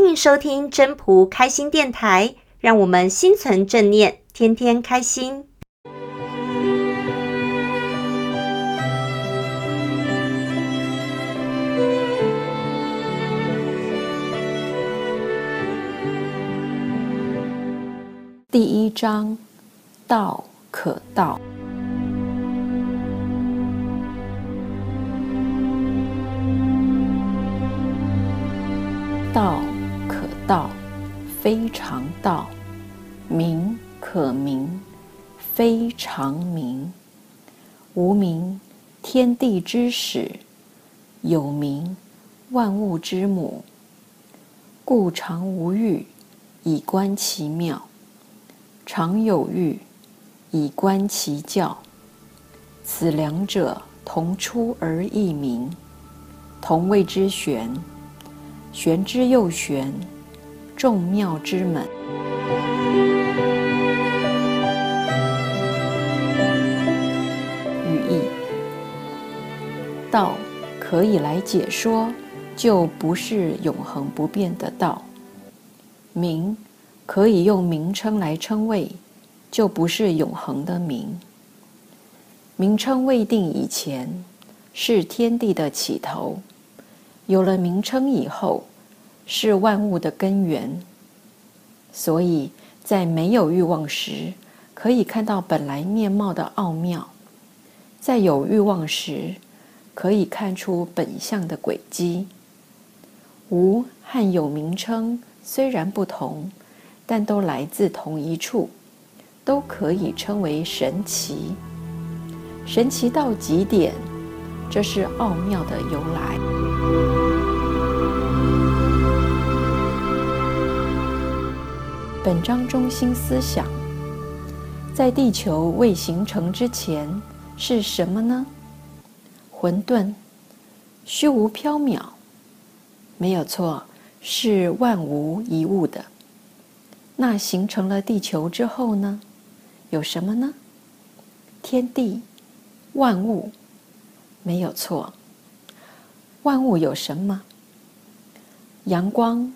歡迎收聽真樸開心電台，讓我們心存正念，天天開心。第一章，道可道。非常道，名可名，非常名。無名，天地之始；有名，萬物之母。故常無欲，以觀其妙；常有欲，以觀其徼。此兩者同，同出而異名，同謂之玄。玄之又玄。眾妙之門，語義道可以來解說，就不是永恆不變的道；名可以用名稱來稱謂，就不是永恆的名。名稱未定以前，是天地的起頭；有了名稱以後。是萬物的根源，所以在沒有欲望時，可以看到本來面貌的奧妙；在有欲望時，可以看出本相的軌跡。無和有名稱雖然不同，但都來自同一處，都可以稱為神奇，神奇到極點，這是奧妙的由來。本章中心思想：在地球未形成之前，是什麼呢？混沌、虛無縹緲，沒有錯，是萬無一物的。那形成了地球之後呢？有什麼呢？天地、萬物，沒有錯。萬物有什麼？陽光、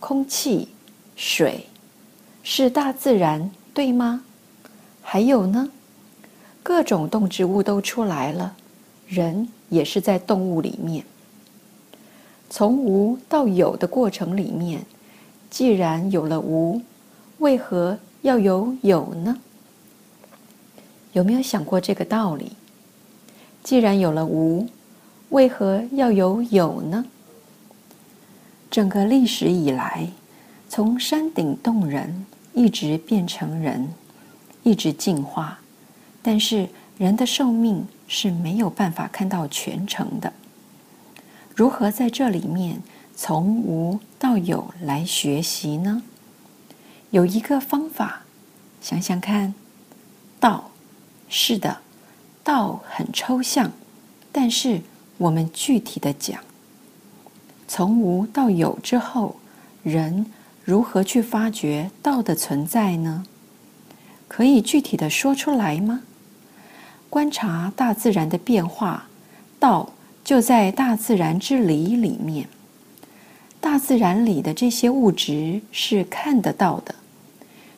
空氣、水。是大自然，對嗎？還有呢，各種動植物都出來了，人也是在動物裡面。從無到有的過程裡面，既然有了無，為何要有有呢？有沒有想過這個道理？既然有了無，為何要有有呢？整個歷史以來。從山頂洞人一直變成人，一直進化，但是人的壽命是沒有辦法看到全程的。如何在這裡面從無到有來學習呢？有一個方法，想想看，道，是的，道很抽象，但是我們具體的講，從無到有之後，人。如何去發掘道的存在呢？可以具體的說出來嗎？觀察大自然的變化，道就在大自然之理裡面。大自然裡的這些物質是看得到的，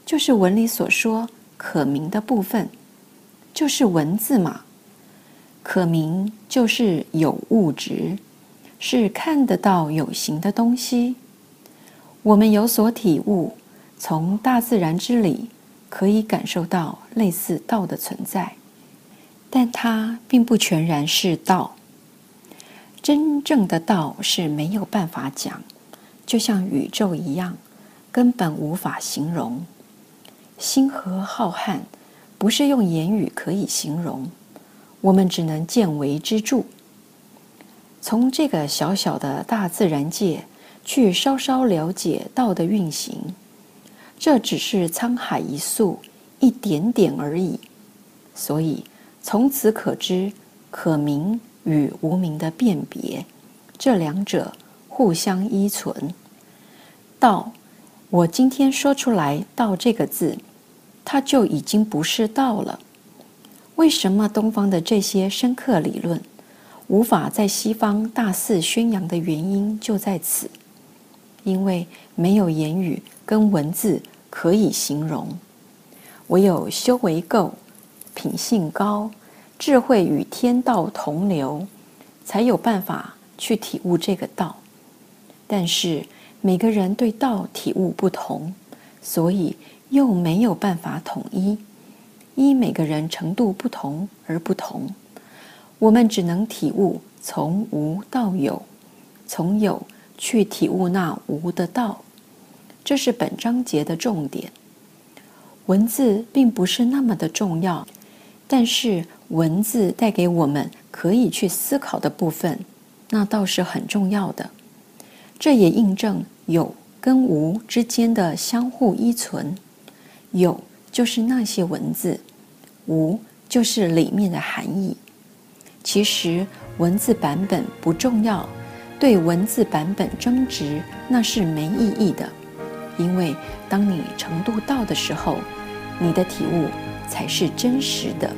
就是文裡所說可名的部分，就是文字嘛。可名就是有物質，是看得到有形的東西。我們有所體悟，從大自然之理可以感受到類似道的存在，但它並不全然是道。真正的道是沒有辦法講，就像宇宙一樣，根本無法形容。星河浩瀚，不是用言語可以形容，我們只能見微知著。從這個小小的大自然界，去稍稍了解道的運行，這只是滄海一粟，一點點而已。所以，從此可知，可名與無名的辨別，這兩者互相依存。道，我今天說出來“道”這個字，它就已經不是道了。為什麼東方的這些深刻理論，無法在西方大肆宣揚的原因就在此。因為沒有言語跟文字可以形容，唯有修為夠、品性高、智慧與天道同流，才有辦法去體悟這個道。但是每個人對道體悟不同，所以又沒有辦法統一，因每個人程度不同而不同。我們只能體悟從無到有，從有去體悟那無的道，這是本章節的重點。文字並不是那麼的重要，但是文字帶給我們可以去思考的部分，那倒是很重要的。這也印證有跟無之間的相互依存。有就是那些文字，無就是裡面的含義。其實文字版本不重要。對文字版本爭執，那是沒意義的，因為當你程度到的時候，你的體悟才是真實的。